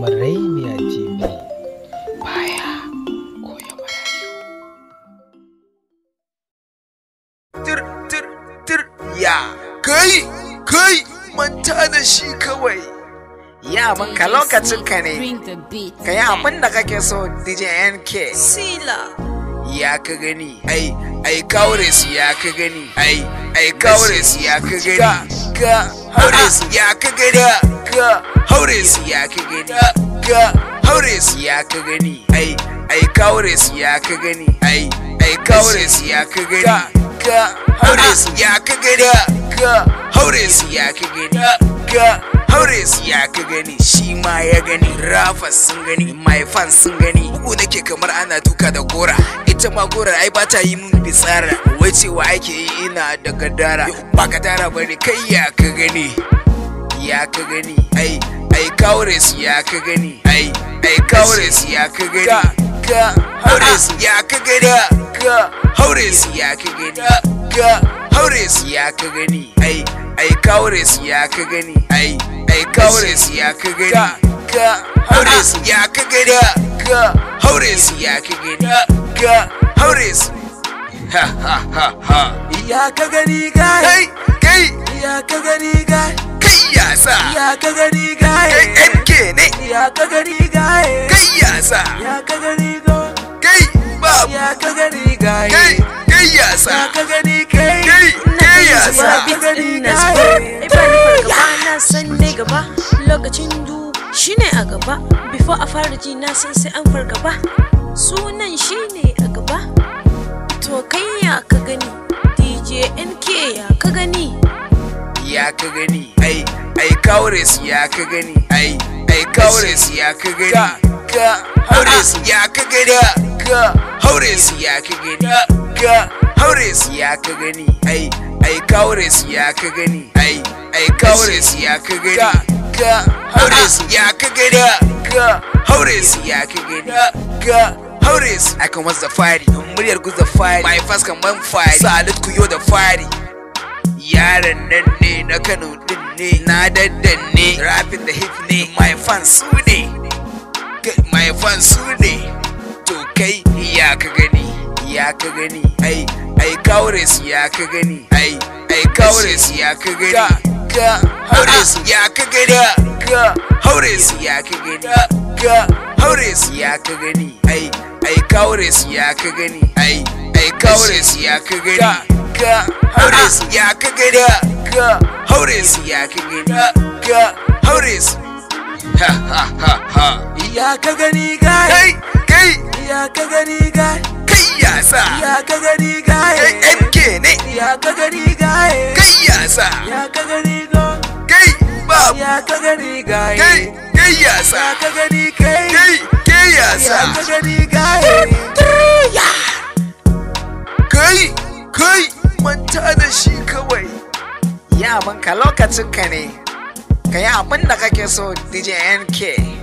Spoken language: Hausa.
Maraimiya TV baya koya marayu. Tir tir tir ya kai kai manta da shi kawai. Ya ka lokacin ka ne, ka yi abin da kake so DJ NK. Sila. Ya ka gani, ai, ai kawure su ya ka gani, ai, ai kawure su ya ka gani. ka, Hold this, yeah, cook it up. Hold this, yeah, cook it up. Hold this, yeah, cook it up. Ay, ay, kawo this, yeah, cook it up. Ay, ay, kawo this, yeah, cook it up. Hold this, yeah, cook it Hold this, yeah, cook it Haures ya ka gani shi ma ya gani Rafas sun gani my fans sun gani Uku nake kamar ana duka da gora Ita ma gora ai ba ta yi min bitsara Wai cewa ake yi ina da gadara Ba gadara ne. kai ya ka gani Ya ka gani ai ai Kaures ya ka gani ai ai Kaures ya ka gani ka haures ah, ya ka gani ka haures ya ka gani ka haures ya ka gani ai ai kaures ya ka gani ai ai ya ka gari ka haure ya ka gari ka haure ya ka gari ka haure ha ha ha ha ya ka gari ga kai kai ya ka gari kai ya sa ya ka gari ga kai mk ne ya ka gari ga kai ya sa ya ka gari ga kai ba ya ka gari ga kai kai ya sa ya ka gari kai kai ya sa gaba lokacin du shine a gaba before a fara ji na san sai an fargaba sunan shine a gaba to kai ya ka gani dj nk ya ka gani ya ka gani ai ai kawres ya ka gani ai ai kawres ya ka gani ka haures ya ka gani ka haures ya ka gani ka haures ya ka gani ai ai kawres ya ka gani ai kaure su ya ka gani ka haure su ya ka gani ka haure su ya ka gani ka haure su akan wasu fari muryar ku da fari mai faskan man fari salut ku yo da fari yaran nan ne na Kano din ne na daddan ne rapping da hip ne my fans su ne my fans su ne to kai ya ka gani ya ka gani ai ai kaure su ya ka gani ai ai kaure su ya ka gani ka haure su ya ka gani ka haure su ya ka gani ka haure su ya ka gani ai ai ka haure su ya ka gani ai ai ka haure su ya ka gani ka haure su ya ka gani ka haure su ya ka gani ka haure su ya ka gani gai kai ya ka gani gai kai ya sa ya ka gani gai mk ne ya ka gani kai ya ka kai ba kai kai ya ka kai kai ya ka kai kai manta da shi kawai ya banka lokacin ka ne ka yi abin da kake so DJ NK